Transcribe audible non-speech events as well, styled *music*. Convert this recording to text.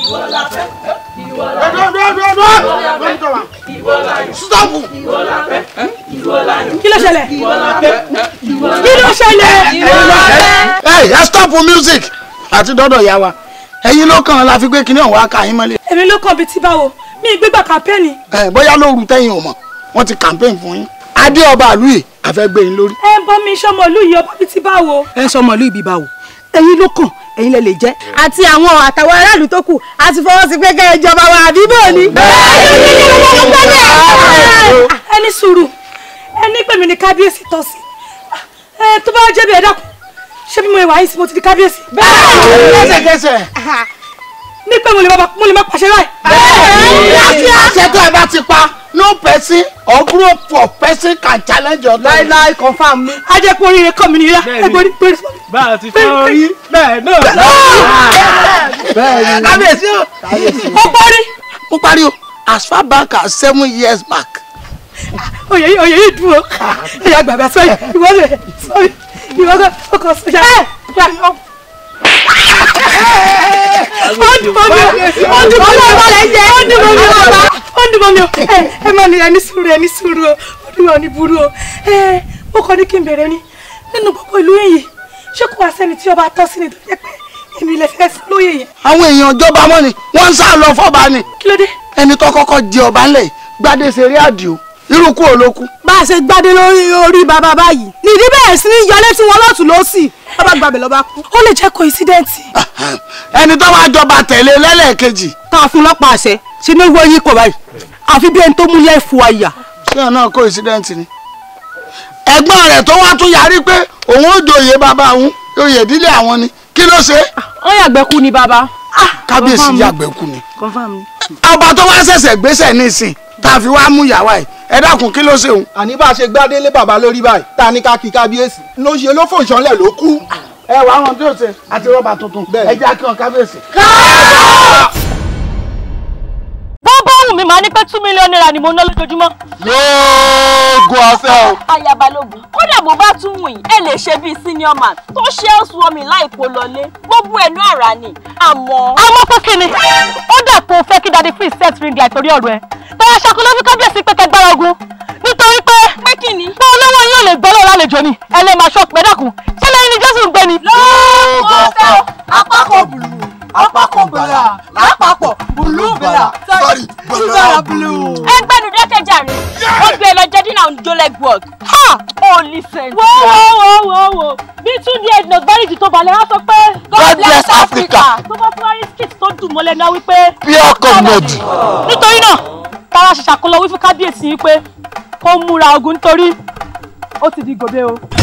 ìwọ la fẹ́ ìwọ la fẹ́ ìwọ la fẹ́ ìwọ la yàn stop ìwọ la fẹ́ ìwọ la yàn kí ló ṣẹlẹ̀ ìwọ la fẹ́ ìwọ la fẹ́ kí ló ṣẹlẹ̀ ìwọ la fẹ́. ẹ ẹ stop music àti dọdọ ìyá wa ẹ̀yin ló kàn án la fi gbé kinní ọ̀hún aka yín mọ́lẹ̀. èmi ló kàn bí ti báwo mi ì gbégbà kàmpẹ́ẹ̀nì. ẹ eh, bóyá lóru tẹ́yìn ò mọ̀ wọ́n ti kàmpẹ́ẹ̀nì fún yín adé ọba àlùyè àfẹ́gbẹ́yìn lórí. ẹ bọ́ mi sọmọlú yìí ọba bíi ti báwo. ẹ sọmọlú ìbí báwo ẹ̀yin ló kàn ẹ̀yin lẹ lè jẹ́. àti àwọn àtàwọn aráàlú tó kù a ti fọwọ́ sí pé kẹ́ ẹ jọba wa àbí bò ní. Ah, ẹni sùúrù ẹni pè ni ní kábíyèsí tọ́ sí ah, tó bá jẹ́ bí ẹ dákun ṣé bí mo ìwà yìí sí mo ti di kábíyèsí. bẹ́ẹ̀ ni kẹsẹ̀kẹsẹ̀ ní pé mo lè bá mo lè má pàṣẹ láì. àṣẹ tó ẹ bá ti pa no person or group of person can challenge your life. láíláí confam mi. a jẹ́ kó oríire kọ́ mi nìyá ẹgbẹ́ ní pé. bá a ti fọ orí bẹ́ẹ̀ náà. bẹ́ẹ̀ ni kábíyèsí o. mo parí. mo parí o as far back as seven years back. oyè yìí oyè yìí dúró ẹ̀yà gbàgbà sọ́yìn ìwọ lè sọ́yìn ìwọ kọ́ ọkọ̀ sọ́yìn ẹ má ní ẹni sùúrù ẹni sùúrù o olúwa ní burú o ẹ ó kọ ní kí n bẹ̀rẹ̀ ni nínú gbogbo ìlú èyí ṣé kò wá sẹ́ni tí ọba tọ́ sí ni tó jẹ́ pé èmi lè fẹ́ sí lóye yẹn. àwọn èèyàn ìjọba mọ́ ni wọ́n ń sá lọ fọ́ba ni. kí ló dé. ẹni tó kọ́kọ́ di ọba ńlẹ̀ gbadé ṣeré àdìo irú kú ò ló kú. bá a ṣe gbádé lórí orí bàbá báyìí nìdí bẹ́ẹ̀ sí ní yọlé tí wọ́n lọ́tún ló sì bàbá gbàgbé lọ́ba kú. ó lè jẹ́ kọ́ìsídẹ́ǹtì. *laughs* ẹni tó wàá jọba tẹ̀lé lẹ́lẹ́ẹ̀kejì. tá a fún lọ́pàá àṣẹ ṣe ní wọ́n yí kọ̀ báyìí àfi bí ẹni tó mú yẹ ìfò àyà. ṣé ẹ náà kọ́ìsídẹ́ǹtì ni. ẹ̀gbọ́n rẹ̀ tó wá tún yarí pé òun ò joyè bàbá òun oyè ìdílé àwọn ni kí ló ṣe. Ah, ó yàgbẹ́kú ni bàbá. Ah, kábíyèsí yàgbẹ́kú ni. ọba tó ṣẹ̀ṣẹ̀ gbéṣẹ̀ nísìn tá a fi wá mú yàwá yìí ẹ dákun kí ló ṣeun. àní bá a ṣe gbádé lé bàbá lórí báyìí tá a ní ká kí kábíyèsí ló ṣe ló fòṣánlẹ̀ ló kú. ẹ wàá rántí òsè àti rọ́bà tuntun ẹ jẹ́ kí wọn kábíyèsí mi máa ní pé two million naira ni mo ná lójoojúmọ́. yóò gun ọ̀sẹ̀ o. aya balógun kódà bó bá tún wù yín ẹ lè ṣe bíi senior man tó ṣe housewarming láìpò lọlé gbogbo ẹnu àrà ni àmọ́. àmọ́ pé kí ni ó dà pé o fẹ́ kí daddy free set ring guy torí ọ̀rọ̀ ẹ tọ́lá ṣakú ló fi kábíyèsí pé kẹgbára ogun nítorí pé. pé kí ni. pé olówó yín ò lè gbọ́ lọ́ọ́ lálejò ni ẹ lè máa ṣọ́ pẹ́dàkùn ṣẹlẹ̀ yín ni jésù ń gbé ni. lọ́ọ́ kọ́ ọ̀sẹ̀ o. Suzara Blue. Ẹgbẹ́nu dákẹ́jà rẹ̀. Ó gbé lọ jẹ́ dínà òǹjọ́ legwork. Ha! Ó lè sẹ́ńtì. Wo wo wo wo wo. Bí Túndé Ednos Bárìkì tó balẹ̀ wá sọ pé. God bless Africa. Tó bá fún Ariskit tó dùn mọ́lẹ̀ náà wípé. Pure Comrade. Nítorí náà, Tara ṣe ṣàkólọ wí fún kábíyèsí wípé kó múra ogun nítorí ó ti di gòbé o.